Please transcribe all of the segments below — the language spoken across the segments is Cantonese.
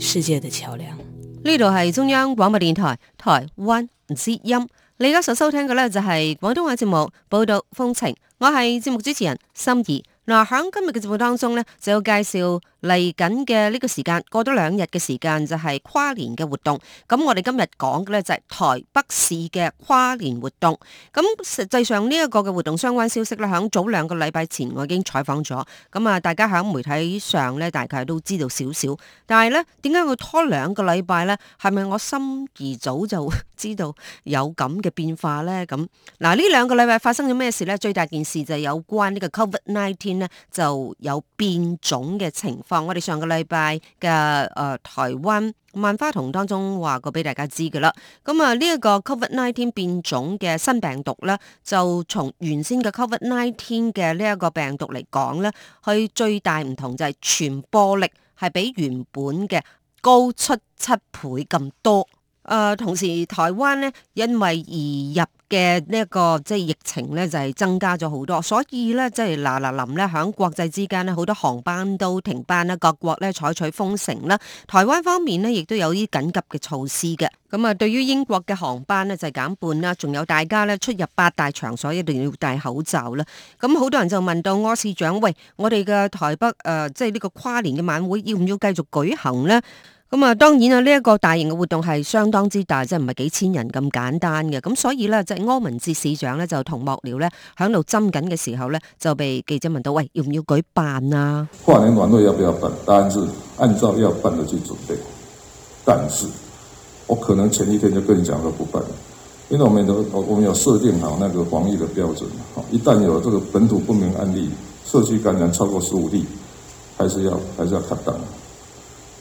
世界的橋樑，呢度係中央廣播電台台灣之音，你而家所收聽嘅呢，就係廣東話節目《報道風情》，我係節目主持人心儀。嗱，響今日嘅節目當中呢，就要介紹。嚟緊嘅呢個時間過咗兩日嘅時間就係跨年嘅活動，咁我哋今日講嘅呢就係台北市嘅跨年活動。咁實際上呢一個嘅活動相關消息呢，響早兩個禮拜前我已經採訪咗，咁啊大家響媒體上呢，大概都知道少少，但係呢，點解會拖兩個禮拜呢？係咪我心而早就知道有咁嘅變化呢？咁嗱呢兩個禮拜發生咗咩事呢？最大件事就係有關呢個 COVID-Nineteen 呢就有變種嘅情況。我哋上個禮拜嘅誒、呃、台灣萬花筒當中話過俾大家知嘅啦，咁啊呢一個 COVID nineteen 變種嘅新病毒咧，就從原先嘅 COVID nineteen 嘅呢一個病毒嚟講咧，佢最大唔同就係傳播力係比原本嘅高出七倍咁多。誒、呃，同時台灣咧，因為移入嘅呢一個即係疫情呢，就係、是、增加咗好多，所以呢，即係嗱嗱臨呢，響國際之間咧，好多航班都停班啦，各國咧採取封城啦，台灣方面呢，亦都有啲緊急嘅措施嘅。咁、嗯、啊，對於英國嘅航班呢，就減、是、半啦，仲有大家呢，出入八大場所一定要戴口罩啦。咁、嗯、好多人就問到柯市長，喂，我哋嘅台北誒、呃，即係呢個跨年嘅晚會，要唔要繼續舉行呢？咁啊，當然啦，呢、這、一個大型嘅活動係相當之大，即係唔係幾千人咁簡單嘅，咁所以咧，即係柯文哲市長咧就同幕僚咧響度針緊嘅時候咧，就被記者問到，喂，要唔要舉辦啊？跨年晚會要不要辦？答案是按照要辦嘅去準備，但是我可能前一天就跟你講咗不辦，因為我哋都我我們有設定好那個防疫嘅標準，好，一旦有這個本土不明案例社區感染超過十五例，還是要還是要 cut 檔。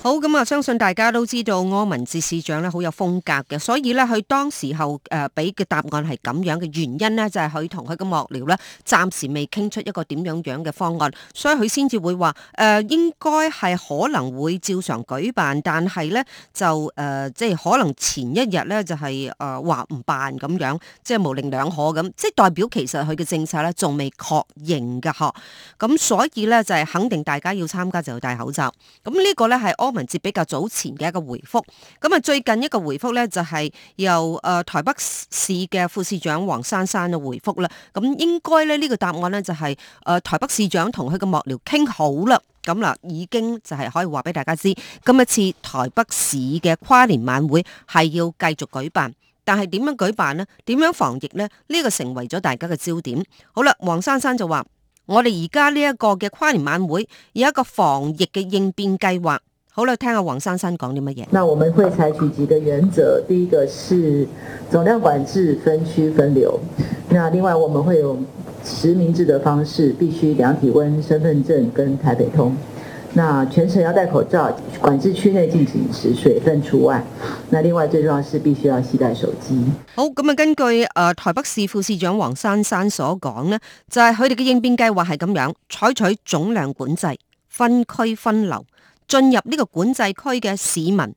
好咁啊，相信大家都知道柯文哲市長咧，好有風格嘅，所以咧，佢當時候誒俾嘅答案係咁樣嘅原因咧，就係佢同佢嘅幕僚咧暫時未傾出一個點樣樣嘅方案，所以佢先至會話誒、呃、應該係可能會照常舉辦，但係咧就誒、呃、即係可能前一日咧就係誒話唔辦咁樣，即係模棱兩可咁，即係代表其實佢嘅政策咧仲未確認噶嗬，咁所以咧就係、是、肯定大家要參加就要戴口罩，咁呢個咧係柯文哲比較早前嘅一個回覆，咁啊，最近一個回覆咧就係由誒台北市嘅副市長黃珊珊嘅回覆啦。咁應該咧呢個答案呢，就係誒台北市長同佢嘅幕僚傾好啦。咁啦，已經就係可以話俾大家知，今一次台北市嘅跨年晚會係要繼續舉辦，但係點樣舉辦呢？點樣防疫呢？呢個成為咗大家嘅焦點。好啦，黃珊珊就話我哋而家呢一個嘅跨年晚會有一個防疫嘅應變計劃。好啦，聽下黃珊珊講啲乜嘢。那我們會採取幾個原則，第一個是總量管制、分區分流。那另外我們會用實名制的方式，必須量體溫、身份證跟台北通。那全程要戴口罩，管制區內禁止飲食，水分除外。那另外最重要是必須要攜帶手機。好，咁啊，根據誒、呃、台北市副市長黃珊珊所講呢，就係佢哋嘅應變計劃係咁樣，採取總量管制、分區分流。進入呢個管制區嘅市民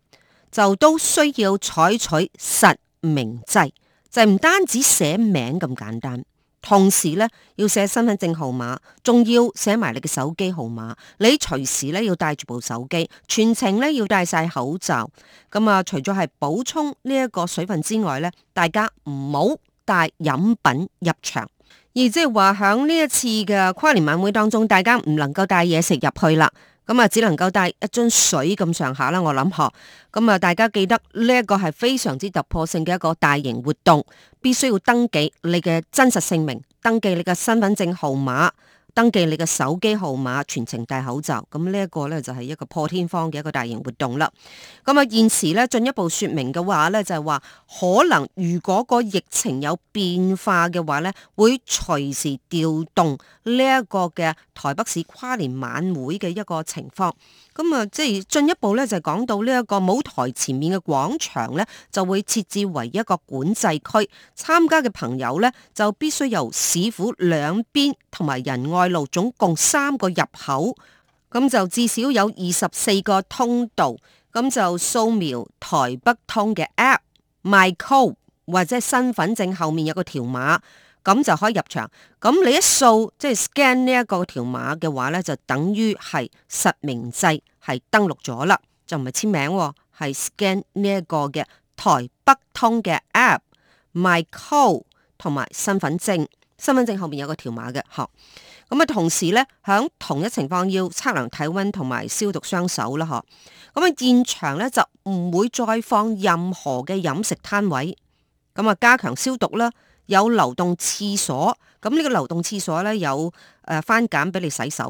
就都需要採取實名制，就唔單止寫名咁簡單，同時咧要寫身份證號碼，仲要寫埋你嘅手機號碼。你隨時咧要帶住部手機，全程咧要戴晒口罩。咁啊，除咗係補充呢一個水分之外咧，大家唔好帶飲品入場，而即係話響呢一次嘅跨年晚會當中，大家唔能夠帶嘢食入去啦。咁啊，只能夠帶一樽水咁上下啦。我諗嗬，咁啊，大家記得呢一個係非常之突破性嘅一個大型活動，必須要登記你嘅真實姓名，登記你嘅身份證號碼。登記你嘅手機號碼，全程戴口罩。咁呢一個咧就係一個破天荒嘅一個大型活動啦。咁啊，現時咧進一步說明嘅話咧就係話，就是，可能如果個疫情有變化嘅話咧，會隨時調動呢一個嘅台北市跨年晚會嘅一個情況。咁啊，即係進一步咧，就講到呢一個舞台前面嘅廣場咧，就會設置為一個管制區。參加嘅朋友咧，就必須由市府兩邊同埋仁愛路總共三個入口，咁就至少有二十四個通道。咁就掃描台北通嘅 App、My Code 或者身份證後面有個條碼。咁就可以入場。咁你一掃，即係 scan 呢一個條碼嘅話咧，就等於係實名制係登錄咗啦，就唔係簽名，係 scan 呢一個嘅台北通嘅 app，my call 同埋身份證，身份證後面有個條碼嘅。嗬，咁啊，同時咧響同一情況要測量體温同埋消毒雙手啦。嗬，咁啊現場咧就唔會再放任何嘅飲食攤位，咁啊加強消毒啦。有流動廁所，咁、這、呢個流動廁所咧有誒番梘俾你洗手，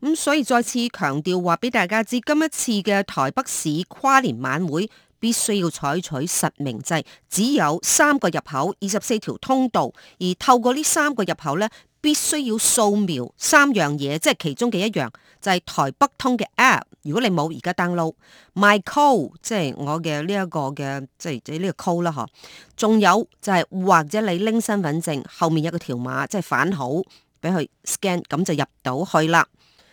咁、嗯、所以再次強調話俾大家知，今一次嘅台北市跨年晚會必須要採取實名制，只有三個入口，二十四條通道，而透過呢三個入口咧，必須要掃描三樣嘢，即係其中嘅一樣，就係台北通嘅 APP。如果你冇而家 download My Call，即係我嘅呢一個嘅，即係呢個 call 啦，嗬。仲有就係或者你拎身份證後面有個條碼，即係反號俾佢 scan，咁就入到去啦。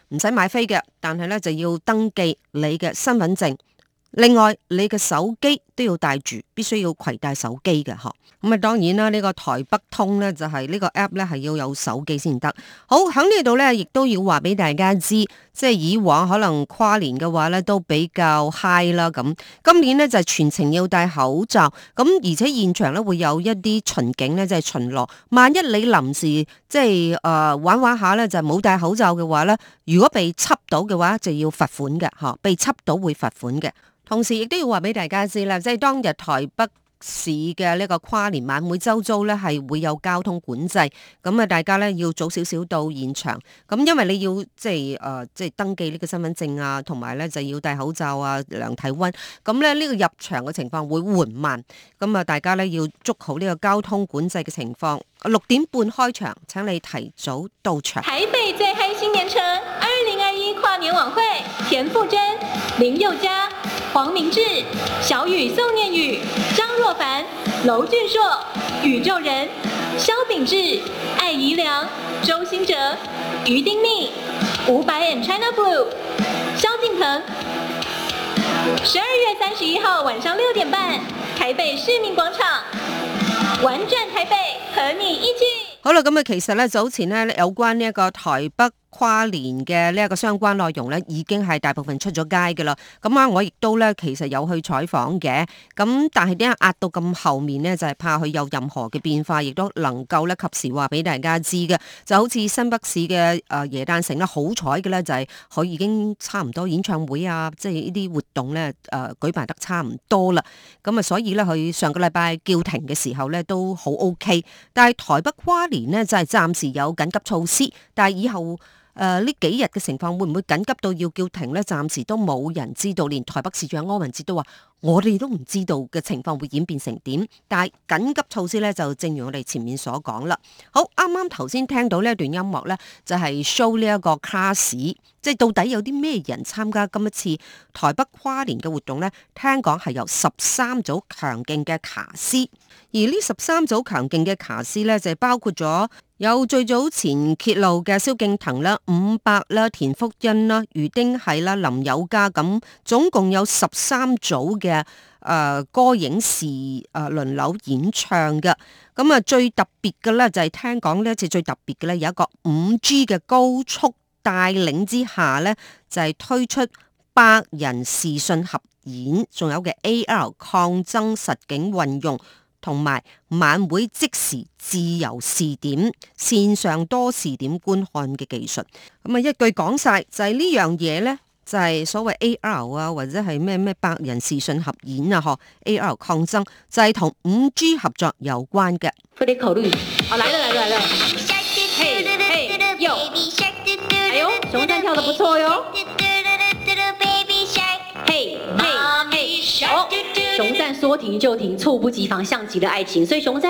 唔使買飛嘅，但係咧就要登記你嘅身份證。另外，你嘅手機都要帶住，必須要攜帶手機嘅，嗬。咁啊，當然啦，呢個台北通咧就係呢個 app 咧係要有手機先得。好，喺呢度咧亦都要話俾大家知。即係以往可能跨年嘅話咧，都比較嗨啦咁。今年呢就係全程要戴口罩，咁而且現場咧會有一啲巡警咧，即係巡邏。萬一你臨時即係誒、呃、玩玩下咧，就冇戴口罩嘅話咧，如果被測到嘅話就要罰款嘅嚇，被測到會罰款嘅。同時亦都要話俾大家知啦，即係當日台北市嘅呢個跨年晚會周遭咧係會有交通管制，咁啊大家咧要早少少到現場，咁因為你要即係誒即係登記呢個身份證啊，同埋咧就要戴口罩啊、量體溫，咁咧呢個入場嘅情況會緩慢，咁啊大家咧要捉好呢個交通管制嘅情況。六點半開場，請你提早到場。台北最嗨新年城二零二一跨年晚會，田馥甄、林宥嘉。黃明志、小雨、宋念宇、張若凡、樓俊碩、宇宙人、蕭秉治、艾怡良、周興哲、余丁密、伍佰 and China Blue、蕭敬騰。十二月三十一號晚上六點半，台北市民廣場，玩轉台北，和你一起。好啦，咁啊，其實呢，早前呢有關呢一個台北。跨年嘅呢一個相關內容呢，已經係大部分出咗街嘅啦。咁、嗯、啊，我亦都呢，其實有去採訪嘅。咁、嗯、但係點解壓到咁後面呢？就係、是、怕佢有任何嘅變化，亦都能夠呢，及時話俾大家知嘅。就好似新北市嘅誒耶誕城呢，好彩嘅呢，就係、是、佢已經差唔多演唱會啊，即係呢啲活動呢，誒、呃、舉辦得差唔多啦。咁、嗯、啊，所以呢，佢上個禮拜叫停嘅時候呢，都好 OK。但係台北跨年呢，就係暫時有緊急措施，但係以後。誒呢、呃、幾日嘅情況會唔會緊急到要叫停咧？暫時都冇人知道，連台北市長柯文哲都話。我哋都唔知道嘅情況會演變成點，但係緊急措施咧就正如我哋前面所講啦。好啱啱頭先聽到呢一段音樂咧，就係、是、show 呢一個卡士，即係到底有啲咩人參加今一次台北跨年嘅活動咧？聽講係由十三組強勁嘅卡士，而呢十三組強勁嘅卡士咧就包括咗有最早前揭露嘅蕭敬騰啦、伍佰啦、田馥甄啦、魚丁系啦、林宥嘉咁，總共有十三組嘅。誒，歌影視誒輪流演唱嘅，咁啊最特別嘅咧就係聽講呢一次最特別嘅咧有一個五 G 嘅高速帶領之下呢，就係推出百人視訊合演，仲有嘅 AR 抗增實境運用，同埋晚會即時自由視點、線上多視點觀看嘅技術，咁啊一句講晒就係呢樣嘢呢。就係所謂 AR 啊，或者係咩咩百人視訊合演啊，嗬 AR 擴增就係同五 G 合作有關嘅。快啲考慮，好來啦，來啦，來啦！嘿、 hey, hey,，哎呦，熊讚跳得不錯喲！熊讚說停就停，猝不及防，像極了愛情，所以熊讚。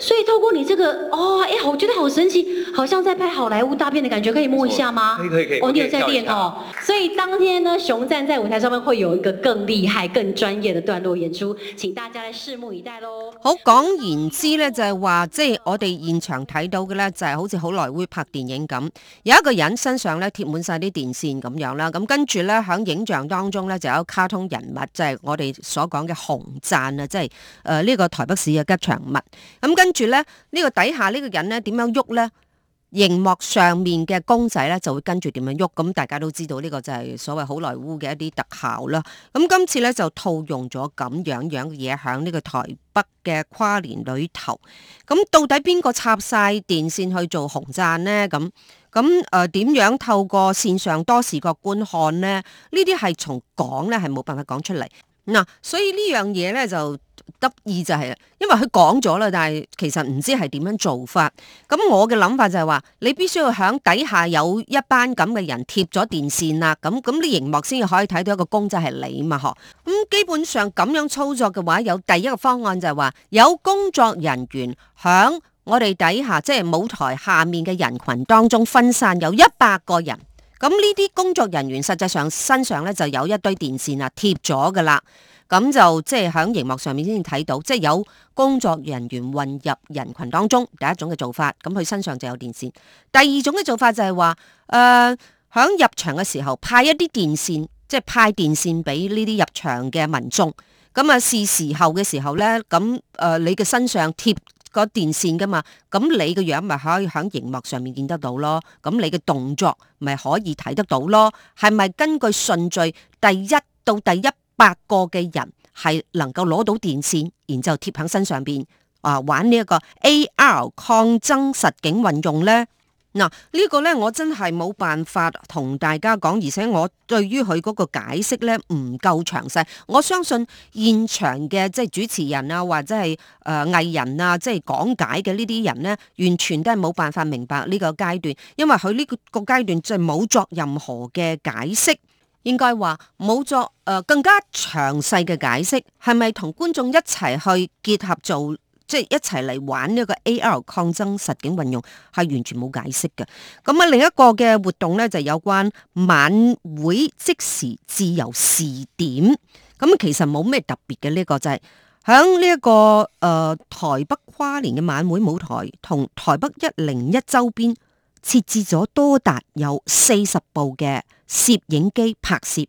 所以透過你這個，哦，哎、欸，我覺得好神奇，好像在拍好萊塢大片的感覺，可以摸一下嗎？可以可以。哦，oh, 你有在練哦。所以當天呢，熊讚在舞台上面會有一個更厲害、更專業的段落演出，請大家來拭目以待咯。好，講言之呢，就係、是、話，即、就、係、是、我哋現場睇到嘅呢，就係好似好萊塢拍電影咁，有一個人身上呢，貼滿晒啲電線咁樣啦，咁跟住呢，響影像當中呢，就有卡通人物，就係、是、我哋所講嘅熊讚啊，即、就、係、是，誒、呃、呢、這個台北市嘅吉祥物，咁跟。跟住咧，呢、這個底下呢個人咧，點樣喐咧？熒幕上面嘅公仔咧，就會跟住點樣喐？咁大家都知道呢個就係所謂好萊塢嘅一啲特效啦。咁、嗯、今次咧就套用咗咁樣樣嘅嘢喺呢個台北嘅跨年裏頭。咁、嗯、到底邊個插晒電線去做紅站咧？咁咁誒，點、嗯呃、樣透過線上多視角觀看咧？呢啲係從講咧係冇辦法講出嚟。嗱，所以呢樣嘢咧就得意就係，因為佢講咗啦，但係其實唔知係點樣做法。咁我嘅諗法就係話，你必須要響底下有一班咁嘅人貼咗電線啦，咁咁啲熒幕先至可以睇到一個公仔係你嘛，嗬。咁基本上咁樣操作嘅話，有第一個方案就係話，有工作人員響我哋底下，即係舞台下面嘅人群當中分散有一百個人。咁呢啲工作人員實際上身上咧就有一堆電線啊貼咗噶啦，咁就即係喺熒幕上面先睇到，即係有工作人員混入人群當中，第一種嘅做法，咁佢身上就有電線；第二種嘅做法就係話，誒喺入場嘅時候派一啲電線，即係派電線俾呢啲入場嘅民眾，咁啊是時候嘅時候咧，咁誒你嘅身上貼。個電線噶嘛，咁你個樣咪可以喺熒幕上面見得到咯，咁你嘅動作咪可以睇得到咯，係咪根據順序第一到第一百個嘅人係能夠攞到電線，然之後貼喺身上邊啊玩呢一個 AR 抗爭實景運用咧？嗱，呢個咧我真係冇辦法同大家講，而且我對於佢嗰個解釋咧唔夠詳細。我相信現場嘅即係主持人啊，或者係誒、呃、藝人啊，即係講解嘅呢啲人呢，完全都係冇辦法明白呢個階段，因為佢呢個階段即係冇作任何嘅解釋，應該話冇作誒、呃、更加詳細嘅解釋，係咪同觀眾一齊去結合做？即係一齊嚟玩呢個 AR 抗爭實景運用，係完全冇解釋嘅。咁啊，另一個嘅活動咧就有關晚會即時自由視點。咁其實冇咩特別嘅呢、這個就係響呢一個誒、呃、台北跨年嘅晚會舞台同台北一零一周邊設置咗多達有四十部嘅攝影機拍攝。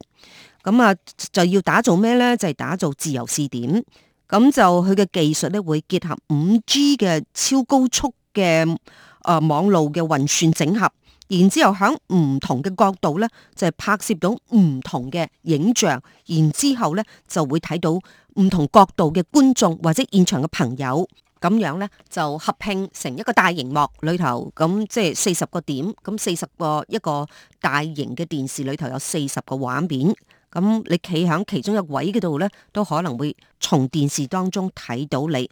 咁啊就要打造咩咧？就係、是、打造自由視點。咁就佢嘅技術咧，會結合五 G 嘅超高速嘅誒、呃、網路嘅運算整合，然之後喺唔同嘅角度咧，就係拍攝到唔同嘅影像，然之後咧就會睇到唔同角度嘅觀眾或者現場嘅朋友，咁樣咧就合併成一個大熒幕裏頭，咁即係四十個點，咁四十個一個大型嘅電視裏頭有四十個畫面。咁你企響其中一位嗰度咧，都可能會從電視當中睇到你。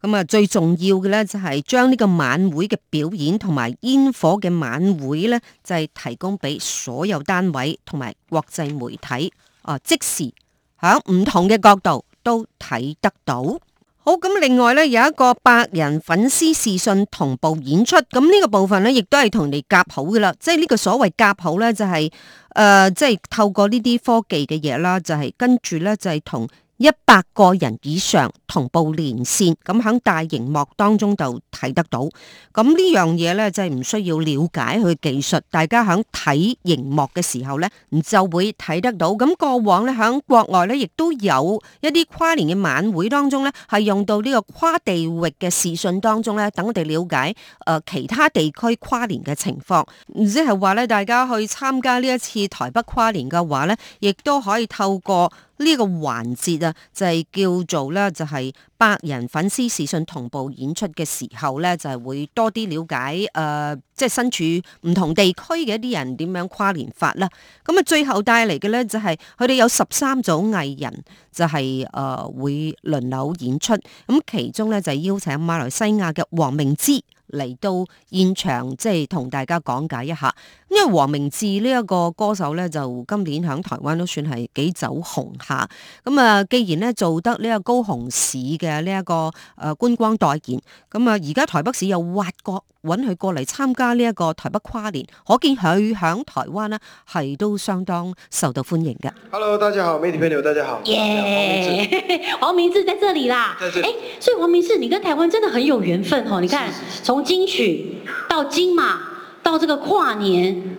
咁啊，最重要嘅咧就係將呢個晚會嘅表演同埋煙火嘅晚會咧，就係、是、提供俾所有單位同埋國際媒體啊，即時響唔同嘅角度都睇得到。好，咁另外咧有一個百人粉絲視訊同步演出，咁呢個部分咧，亦都係同你夾好㗎喇，即係呢個所謂夾好咧，就係、是、誒，即、呃、係、就是、透過呢啲科技嘅嘢啦，就係跟住咧，就係同。一百個人以上同步連線，咁喺大熒幕當中就睇得到。咁呢樣嘢呢，就係唔需要了解佢技術，大家喺睇熒幕嘅時候呢，就會睇得到。咁過往呢，喺國外呢，亦都有一啲跨年嘅晚會當中呢，係用到呢個跨地域嘅視訊當中呢。等我哋了解誒，其他地區跨年嘅情況。即係話呢，大家去參加呢一次台北跨年嘅話呢，亦都可以透過。呢個環節啊，就係、是、叫做咧，就係、是、百人粉絲視訊同步演出嘅時候咧，就係、是、會多啲了解誒，即、呃、係、就是、身處唔同地區嘅一啲人點樣跨年法啦。咁啊，最後帶嚟嘅咧就係佢哋有十三組藝人、就是，就係誒會輪流演出。咁其中咧就係、是、邀請馬來西亞嘅黃明志。嚟到現場，即係同大家講解一下，因為黃明志呢一個歌手呢，就今年響台灣都算係幾走紅下。咁啊，既然呢做得呢一個高雄市嘅呢一個誒觀光代言咁啊，而家台北市又挖角揾佢過嚟參加呢一個台北跨年，可見佢響台灣呢係都相當受到歡迎嘅。Hello，大家好，媒體朋友，大家好。耶，黃明志喺度 啦。係、欸、所以黃明志，你跟台灣真的很有緣分哦。你看，從是是 金曲到金馬，到這個跨年。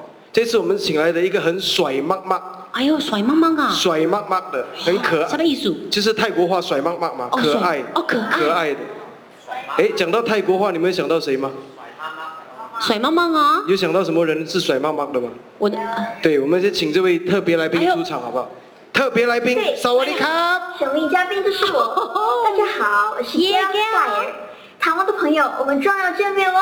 這次我們請來的一個很甩媽媽，哎呦甩媽媽啊！甩媽媽的，很可愛。什麼意思？就是泰國話甩媽媽嘛，可愛，哦可可愛的。哎，講到泰國話，你們有想到誰嗎？甩媽媽啊！有想到什麼人是甩媽媽的嗎？我，對，我們就請這位特別來賓出場，好不好？特別來賓，薩瓦迪卡。神秘嘉賓就是我，大家好，我是耶嘉。台灣的朋友，我們終於要見面哦。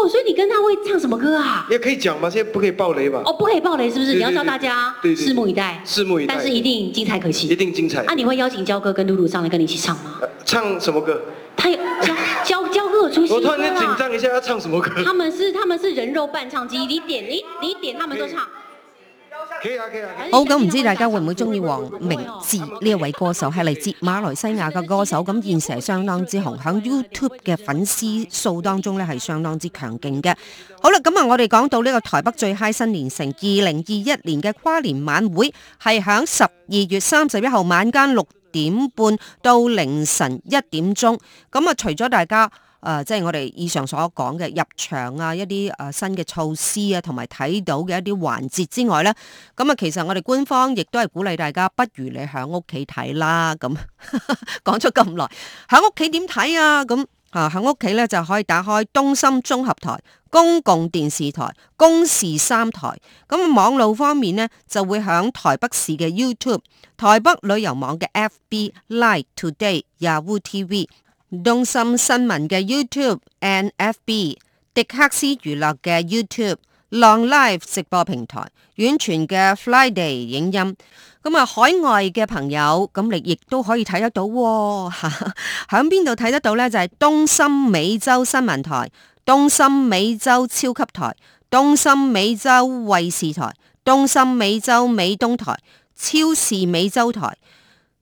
哦，所以你跟他會唱什麼歌啊？也可以講嘛，現在不可以爆雷吧？哦，不可以爆雷，是不是？對對對，你要教大家，對對對，拭目以待。拭目以待，但是一定精彩可期。一定精彩。啊，你會邀請焦哥跟露露上來跟你一起唱嗎？啊，唱什麼歌？他有，焦焦，焦哥有出現。我突然間緊張一下，要唱什麼歌？ 他們是他們是人肉伴唱機，你點你你點，他們都唱。好咁，唔知大家會唔會中意黃明志呢一位歌手？係嚟自馬來西亞嘅歌手，咁現時係相當之紅，響 YouTube 嘅粉絲數當中呢係相當之強勁嘅。好啦，咁啊，我哋講到呢個台北最嗨新年城二零二一年嘅跨年晚會，係響十二月三十一號晚間六點半到凌晨一點鐘。咁啊，除咗大家。誒、呃，即係我哋以上所講嘅入場啊，一啲誒、呃、新嘅措施啊，同埋睇到嘅一啲環節之外呢，咁、嗯、啊，其實我哋官方亦都係鼓勵大家，不如你喺屋企睇啦。咁講咗咁耐，喺屋企點睇啊？咁、嗯、啊，喺屋企呢，就可以打開東森綜合台、公共電視台、公視三台。咁、嗯、網路方面呢，就會喺台北市嘅 YouTube、台北旅遊網嘅 FB、Like Today Yahoo TV。東森新聞嘅 YouTube、NFB、迪克斯娛樂嘅 YouTube、Long Life 直播平台、遠傳嘅 Friday 影音，咁、嗯、啊，海外嘅朋友咁你亦都可以睇得到、哦，喺邊度睇得到呢？就係、是、東森美洲新聞台、東森美洲超級台、東森美洲衛視台、東森美洲美東台、超視美洲台、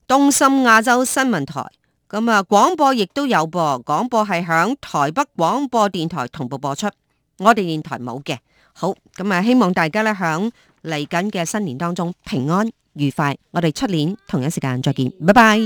東森亞洲新聞台。咁啊，廣播亦都有噃，廣播係響台北廣播電台同步播出，我哋電台冇嘅。好，咁啊，希望大家咧響嚟緊嘅新年當中平安愉快，我哋出年同一時間再見，拜拜。